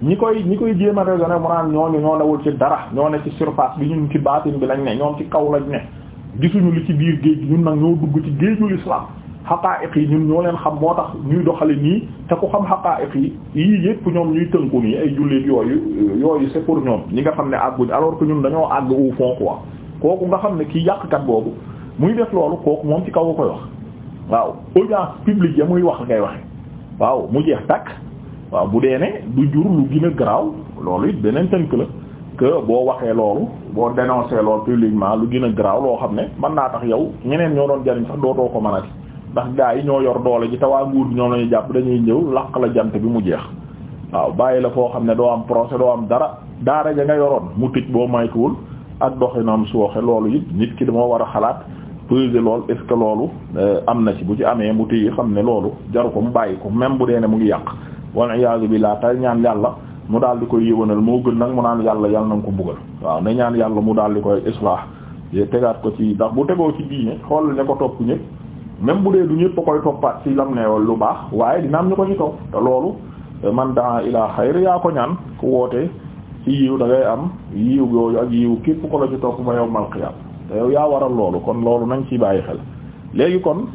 [SPEAKER 1] ñi koy ñi koy jéem a raisonné mu naan ñooñu ñoo newul ci dara ñoo ne ci surface bi ñun ci baatin bi lañ ne ñoom ci kaw lañ ne gisuñu li ci biir géej ñun nag ñoo dugg ci géejul islam xaqaa'iq yi ñun ñoo leen xam moo tax ñuy doxali nii te ku xam xaqaa'iq yi yii yépp ñoom ñuy tënku nii ay jullit yooyu yooyu c'est pour ñoom ñi nga xam ne àgguñ alors ko ñun dañoo àgg au fond quoi kooku nga xam ne kii yàqkat boobu muy def loolu kooku moom ci kaw a waaw audience publique ya muy wax ngay waxe waaw mu jeex tàkk waaw bu dee ne du jur lu gën a garaaw loolu it beneen tënk la que boo waxee loolu boo dénoncé loolu publiquement lu gën a garaaw loo xam ne man naa tax yow ñeneen ñoo doon jariñ sax dootoo ko mënati ndax gaa yi ñoo yor doole ji te waa nguur ñoo lañu jàpp dañuy ñëw laq la jant bi mu jeex waaw bàyyi la foo xam ne doo am procès doo am dara daara ja nga yoroon mu tëj boo maytuwul ak doxinam sooxe loolu it nit ki dama war a xalaat peser lool est loolu euh, am na ci bu ci amee mu téye xam ne loolu jaru ko mu bàyyi ko même bu dee ne mu ngi yàq wal iyaazu billah tey ñaan yàlla mu daal di koy yéwanal moo gën nag mu naan yàlla yàlla na ko buggal waaw na ñaan yàlla mu daal di koy islaax tegaat ko ci ndax bu tegoo ci diine xool ne ko topp ñëpp même bu dee du ñëpp koy toppaat ci lam neewal lu baax waaye dina am ñu ko ci kaw te loolu man daa ilaa xayr yaa ko ñaan ku woote ci da ngay am yiw yooyu ak yiw képp ko la ci topp ba yawmal yow yaa waral loolu kon loolu nañ ci bàyyi xel léegi kon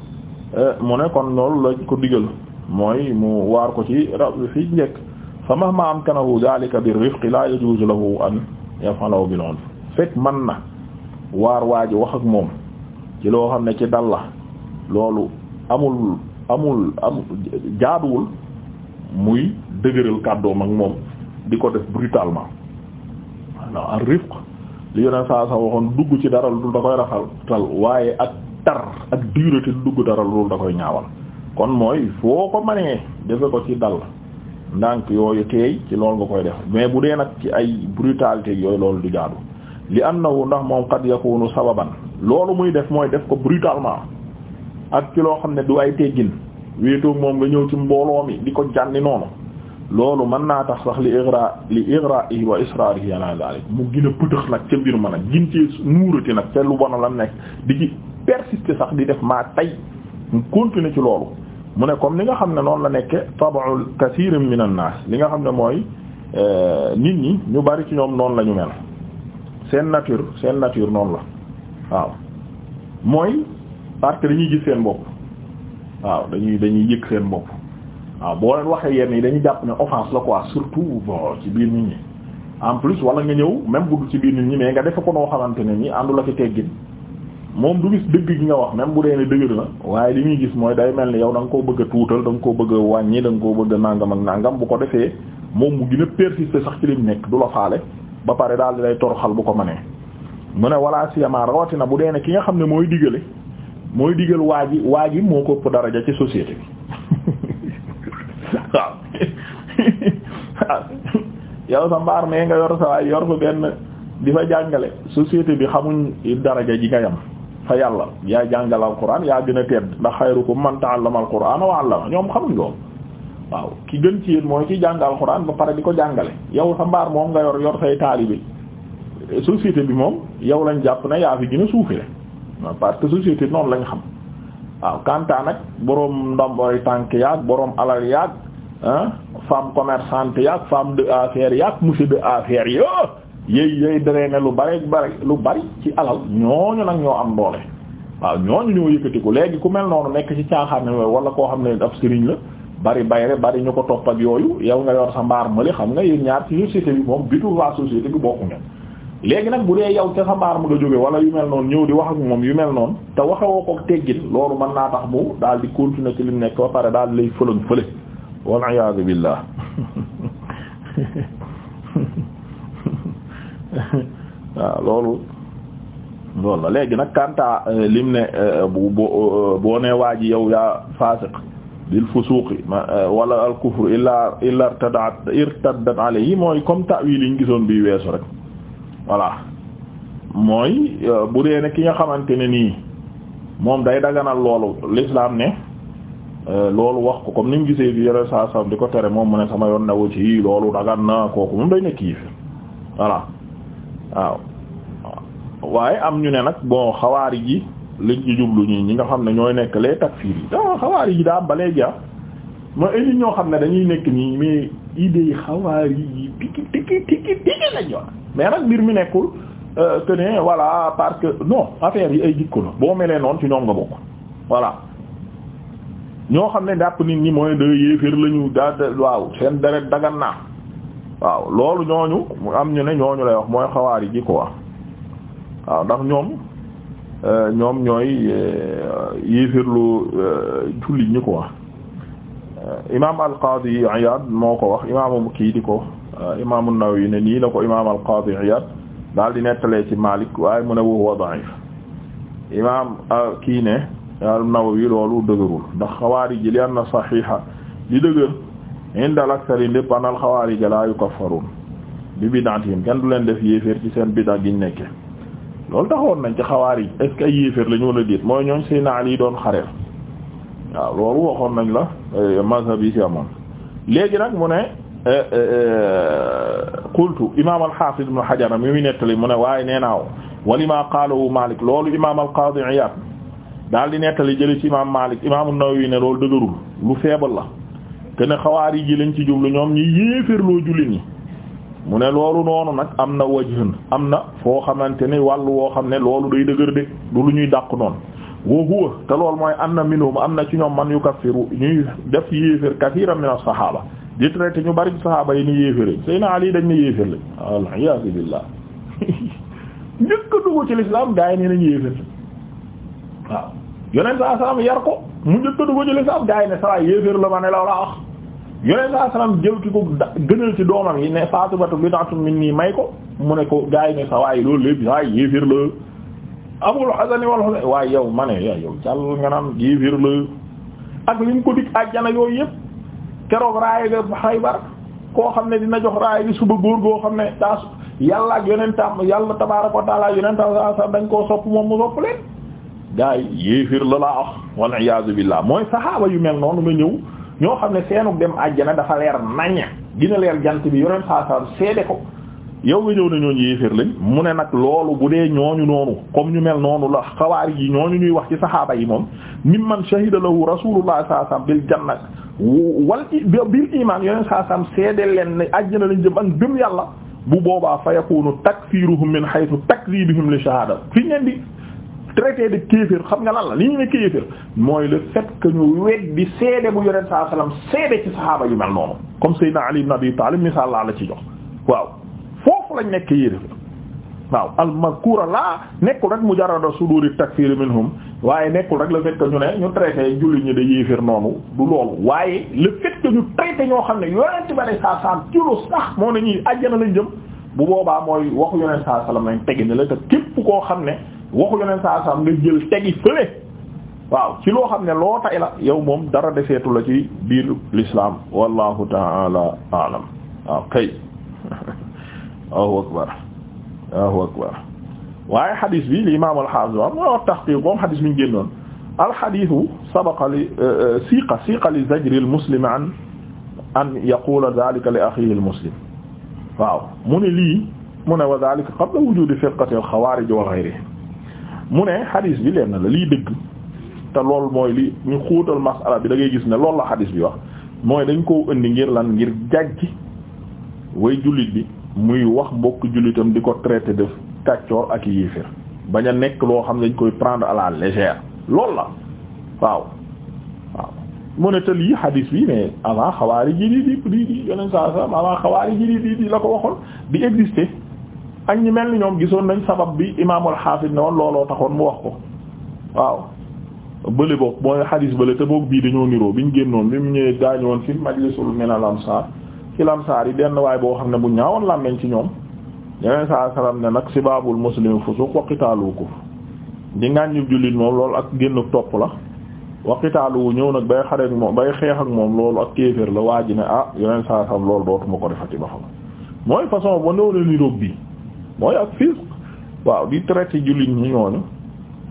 [SPEAKER 1] eh, mu ne kon loolu lañ ko digal mooy mu waar ko ci rab fi njëkk fa mahma amkanahu dhalika bir rifqi la yajuzu lahu an yaf'alahu bil unf fekk man na waar waa ji wax ak moom ci loo xam ne ci dal la loolu amul amul am jaaduwul muy dëgëral kàddoom ak moom di ko def brutalement waaw ar rifq li dugg ci dara lu dul da waaye ak dar ak dureté dugg dara lu dul da koy ñaawal kon mooy foo ko manee defe ko ci dal ndànk yooyu teey ci loolu nga koy def mais bu dee nag ci ay brutalité yooyu loolu du jaadu li annahu ndax moom qad yakunu sababan loolu muy def mooy def ko brutalement ak ci loo xam ne du ay teggin wéetoog moom nga ñëw ci mbooloo mi di ko jànni noonu loolu mën naa tax sax li igra li igraihi wa israrihi ala zalik mu gën a pëtëx nag ca mbir ma nag gin ci nuurati nag ca lu bon a la nekk di ki persister sax di def maa tay mu continuer ci loolu mu ne comme li nga xam ne noonu la nekke tabaul kathir min an naa li nga xam ne mooy euh, nit ñi ñu bari ci ñoom noonu lañu ñu mel seen nature seen nature noonu la waaw mooy parce que dañuy gis seen bopp waaw dañuy dañuy yëg seen bopp waaw boo leen waxee yenn yi dañuy jàpp ne offense la quoi surtout bon ci biir nit ñi en plus wala nga ñëw même bu dul ci biir nit ñi mais nga defe ko noo xamante ne ni àndul ak teggin moom du gis dëgg gi nga wax même bu dee ne dëgg na waaye li muy gis mooy day mel ni yow danga nga koo bëgg a tuutal da ko koo bëgg a wàññi da nga koo bëgg a nangam ak nangam bu ko defee moom mu gën a persister sax ci nekk du la faale ba pare daal di lay toroxal bu ko mënee. mu ne wala siyamaa rawatina bu dee ne ki nga xam ne mooy digale mooy digal waa ji waa ji moo ko ëpp daraja ci société bi waaw *laughs* yow sa mbaar mee nga yor sa waay yor fa benn di fa jàngale société bi xamuñ daraja ji nga yam. fa yàlla yaa jàngal alquran yaa gën a tedd ndax xayrukum man ta'allama alquran wa 'allama ñoom xamuñ lool waaw ki gën ci yéen mooy ki jàngal alquran ba pare di ko jàngale yow sa mbaar moom nga yor yor say taalibe société bi moom yow lañ jàpp ne yaa fi gën a suufi parce que société noonu lañ xam waaw kanta nag boroom ndomboy tànk yaag boroom alal yaag ah, femme commerçante yaag femme de affaires yaag monsieur de affaires yo yéy yéy drainer lu bari bari lu bari ci alal ñooñu nag ñoo am doole waaw ñooñu ñoo yëkkatiku léegi ku mel noonu nekk ci caaxaan wala koo xam ne ab sëriñ la bari bayre bari ñu ko topp ak yooyu yow nga yor sa mbaar mali xam nga yéen ñaar ci société bi moom bitul waa société bi bokku ngeen léegi nag bu dee yow ca sa mbaar mu nga jóge wala yu mel noonu ñëw di wax ak moom yu mel noonu te waxewoo ko teggin loolu man naa tax mu daal di continuer ci li mu nekk pare daal lay fëlën fële wal iyaadu *laughs* *laughs* waaw loolu loolu léegi nag kanta euh, lim ne euh, bu euh, boo ne waa ji yow yaa fasiq bil fusuqi wala al kufr illa illa irtadat irtaddat mooy comme ta'wil yi ñu gisoon bi weesu rek voilà mooy bu dee ne ki nga xamante ne nii moom day daganal loolu l'islam ne loolu wax ko comme ni mu gisee bi yore saa sam di ko tere moom mu ne sama yoon newu ci loolu dagan na kooku moom day nekk yi fi waaw waaye am ñu ne nag bon xawaari ji liñ ci jublu ñii ñi nga xam ne ñooy nekk les takfiir yi daa xawaari ji daa am ba ah. ñoo xam ne dañuy nekk nii mais idée yi xawaari yi tiki tiki tiki tiki lañ yor mais nag mbir mi nekkul euh, que ne voilà parce que yi ay jikko la boo melee noonu ci ñoom nga bokk voilà ñoo xam ne jàpp nit ñi mooy de yéeféer lañu daa waaw seen deret dagan naa waaw loolu ñooñu am ñu ne ñooñu lay wax mooy xawaar yi ji quoi waaw ndax ñoom euh, ñoom ñooy euh, yéefirlu euh, jullit ñi wax imaam al-Qaadi Iyaad moo ko wax imaamu kii di ko imaamu Nawawi ne nii la ko imaam al-Qaadi Iyaad daal di nettalee ci Maalik waaye mu ne huwa da'if imaam kii ne al-Nawawi loolu dëgërul ndax xawaar yi li am na saxiixa li dëgër. indal aksari ndépp anal xawaarija laa yukaffaruun bi bid'atihim kenn du leen def yéeféer ci seen bid'a giñ nekke loolu taxoon nañ ci xawaarij est ce que ay la ñu wala déet mooy ñooñ Seydina Ali doon xareef waaw nañ la euh, mazhab yi ci nag mu ne euh, euh, qultu imam al-Hafiz ibn Hajar mi muy nettali mu ne waaye nee naaw walima qaalahu Malik loolu imam al-Qadi Iyad daal di nettali jële ci imam Malik imam an-Nawawi ne loolu dëgërul lu feebal la kene xawaar ji lañ ci jublu ñoom ñi yéefirloo jullit ñi mu ne loolu noonu nag am na wajhun am na foo xamante ni wàllu woo xam ne loolu day dëgër de du lu ñuy dàq noonu wa huwa te loolu mooy am na minhum am na ci ñoom man yu kaffiru ñuy def yéefir kathiran min as-sahaaba di traité ñu bari sahaaba yi ni yi Seydina Ali dañ ne yéefér lañ waliyasu billah *laughs* njëkk a dugg ci l'islam gaa yi nee nañ yéefér waaw yonent saa salaam yar ko mu njëkk a dugg ci lislaam gaa yi ne saa yéeféer ma ne la la wax yonent saa salaam jël ki ko gënal ci doomam yi ne Faatimatu bintu minni may ko mu ne ko gaa yi ne saa yi loolu lépp saa yéeféer la Abul Hasan wal Husayn waaye yow ma ne yow jàll nga naan yéeféer ak li mu ko dig àjjana yooyu yëpp keroog raaya ga Xaybar koo xam ne dina jox raaya bi suba góor goo xam ne daa yàlla ak yonentam yàlla tabaaraka wa ta'aala yonentam saa dañ koo sopp moom mu gaa yi yéefir la laa wax wal iyaazu billah mooy saxaaba yu mel noonu nga ñëw ñoo xam ne seenug dem àjjana dafa leer nañña gina leer jant bi yoreen saa saa seede ko yow nga ñëw ne ñooñu yéefir lañ mu ne nag loolu bu dee ñooñu noonu comme ñu mel noonu la xawaari yi ñooñu ñuy wax ci saxaaba yi moom mimman shahida lahu rasulullah saa saa bil janna wal bil iman yoreen saa saa seede leen ne àjjana lañ jëm ak gëm yàlla bu boobaa fa yakunu takfiruhum min haythu takdhibihim li shahada fi traité de kéefër xam nga lan la li ñu ne kéefër mooy le fait que ñu weddi seede bu yonent saa salaam seede ci saxaaba yu mel noonu comme Seydina Ali ibn Abi Talib misaal laa la ci jox waaw foofu lañ nekk yéeréer waaw al-mazkura laa nekkul rek mujarrada suduri takfir minhum waaye nekkul rek la fait que ñu ne ñu traité julli ñi de yéefër noonu du loolu waaye le fait que ñu traité ñoo xam ne yonent ba ne saa saam ci sax moo ne ñuy àjjana lañ jëm bu boobaa mooy waxu yonent saa salaam lañ teg la te képp xam ne. waxu yeneen saa saam nga jël tegi fële waaw ci loo xam ne loo tay la yow moom dara defeetu la ci biir l'islam wallahu ta'ala a'lam waaw kay *laughs* Allahu akbar Allahu akbar waaye xadis bi li imam al-Hafiz wa moo tahqiq moom xadis mi ñu génnoon al-hadithu sabaqa li euh, euh, siqa siqa li zajri al-muslim an an yaqula dhalika li akhihi al-muslim waaw mu ne lii mu ne wa dhalika qabla wujudi firqati al-khawarij wa ghayrihim mu ne xadis bi leen na la lii dëgg te loolu mooy li ñu xóotal masala bi da gis ne loolu la xadis bi wax mooy dañ koo indi ngir lan ngir jàjj way jullit bi muy wax mbokk jullitam di ko traité def kàccoor ak yéefér bañ a nekk loo xam ne dañ koy prendre à la légère loolu la waaw waaw mu ne te lii xadis bi mais avant xawaari ji di di di saa saa avant xawaari ji di di la ko waxoon di exister ak ñi mel ni ñoom gisoon nañ sabab bi imaamul xaafis ne woon looloo taxoon mu wax ko waaw bële boog mooy xadiis bële te boog bii dañoo niroo ñu génnoon bi mu ñëwee gaañu woon fi majlisul am ansaar ci lamsaar yi benn waay boo xam ne bu ñaawoon làmmeñ ci ñoom yeneen saa salaam ne nag sibaabul muslimi fusuq wa qitaalu ko di ngàññib jullit moom loolu ak génn topp la wa qitaalu ñëw nag bay xare ak moom bay xeex ak moom loolu ak kéefër la waa ji ne ah yeneen saa salaam loolu ko defati ba fa mooy façon ba bi mooy ak fiis waaw di traité jullit ñi ñooñu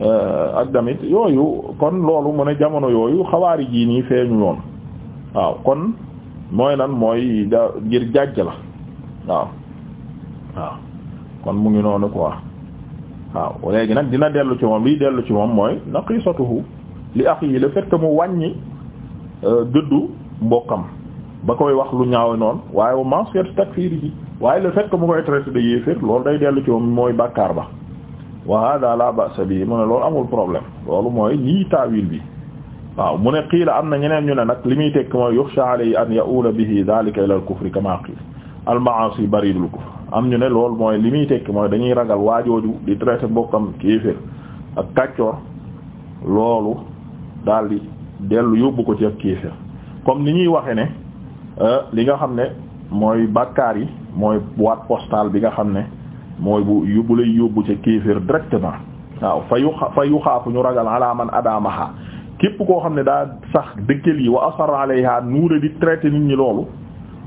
[SPEAKER 1] euh, ak damit yooyu kon loolu mu ne jamono yooyu xawaari jii nii feeñu woon waaw kon mooy lan mooy da ngir jàjj la waaw waaw kon mu ngi noonu wax waaw léegi nag dina dellu ci moom liy dellu ci moom mooy naqisatuhu li ak yi le fait mu wàññi gëddu euh, mbokkam ba koy wax lu ñaaw noonu waaye wa mansiyat takfiri ji waaye le fekk que mu koy traité de yéeféer loolu day dellu ci moom mooy bàkkaar ba wa hada la ba'sa bi mu ne loolu amul problème loolu mooy nii taawil bi waaw mu ne qiila am na ñeneen ñu ne nag li muy tekk mooy yuxsha alayhi an ya'ula bihi dhalika ila al-kufri kama qiila al-ma'asi baridul ko am ñu ne lool mooy li muy tekk mooy dañuy ragal waajooju di traité bokkam kéeféer ak kàccoor loolu daal di dellu yóbbu ko ci ak kéeféer comme ni ñuy waxe ne euh, li nga xam ne mooy bàkkaar yi mooy boîte postale bi nga xam ne mooy bu yóbbu lay yóbbu ca kéeféer directement waaw fa yu fa yu ñu ragal ala man adamaha képp koo xam ne daa sax dëkkal yi wa asar alayha nuure di traité nit ñi loolu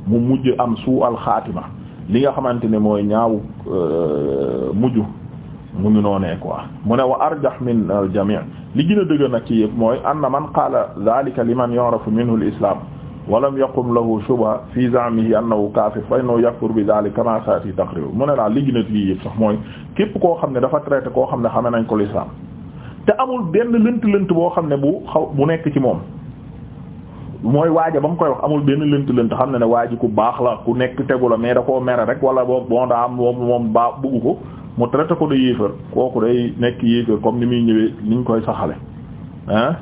[SPEAKER 1] mu mujj am suu alxaatima li nga xamante ni mooy ñaaw euh, mujj mu ngi noonee quoi mu ne wa arjah min al li gën dëgg nag ci yëpp mooy anna man qaala zalika liman yu'rafu minhu al islam walam yaqum lahu shubha fi za'mihi annahu kaafir fa innahu yakfur bi dhalika kama saati taqrir mu ne daal li gën a yëpp sax mooy képp koo xam ne dafa traité koo xam ne xame nañ ko lislaam te amul benn lënt-lënt boo xam ne bu xaw bu nekk ci moom mooy waaja ba mu amul benn lënt-lënt xam ne ne waaji ku baax la ku nekk tegu la mais da koo mere rek wala boog bon daa am moom moom baa bëggu ko mu traité ko de yéefar kooku day nekk yéefar comme ni muy ñëwee niñ koy saxale ah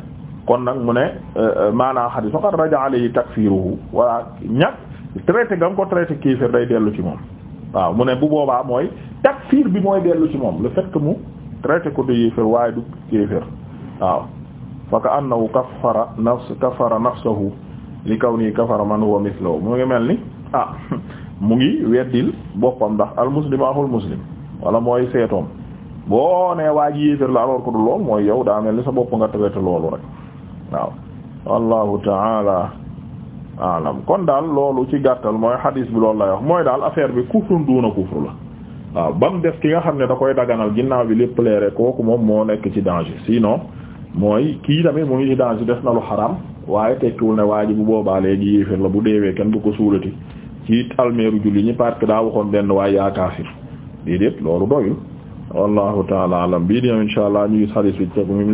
[SPEAKER 1] kon nag mu ne euh, euh, maanaa xadis faqad raja alayhi takfiruhu wala ñàkk traité nga ko traité kéefér day dellu ci moom waaw mu ne bu boobaa mooy takfir bi mooy dellu ci moom le fait que mu traité ko de yéefér waaye du kéefér waaw fa ka annahu kafara nafs kafara nafsahu li kawni kafara man huwa mithluhu mu ngi mel ni ah *laughs* mu ngi weddil boppam ndax al muslim axul muslim wala mooy seetoom boo ne waa ji yéefér la alors que du lool mooy yow daa mel ni sa bopp nga traité loolu rek waaw wallahu taala alam kon daal loolu ci gàttal mooy xadiis bi loolu lay wax mooy daal affaire bi kufrun duuna kufru la waaw ba mu ki nga xam ne da koy daganal ginnaaw bi lépp leere kooku moom moo nekk ci danger sinon mooy kii tamit mu ngi ci danger des na lu xaram waaye tekkiwul ne waa ji bu boobaalee léegi yéeféer la bu deewee kenn bu ko suulati ci almeeru julli ñi parce daa waxoon benn waaye yaa kaafir déedéet loolu doyul wallahu taala alam bii di insha ñu gis xadiis bi tegu mi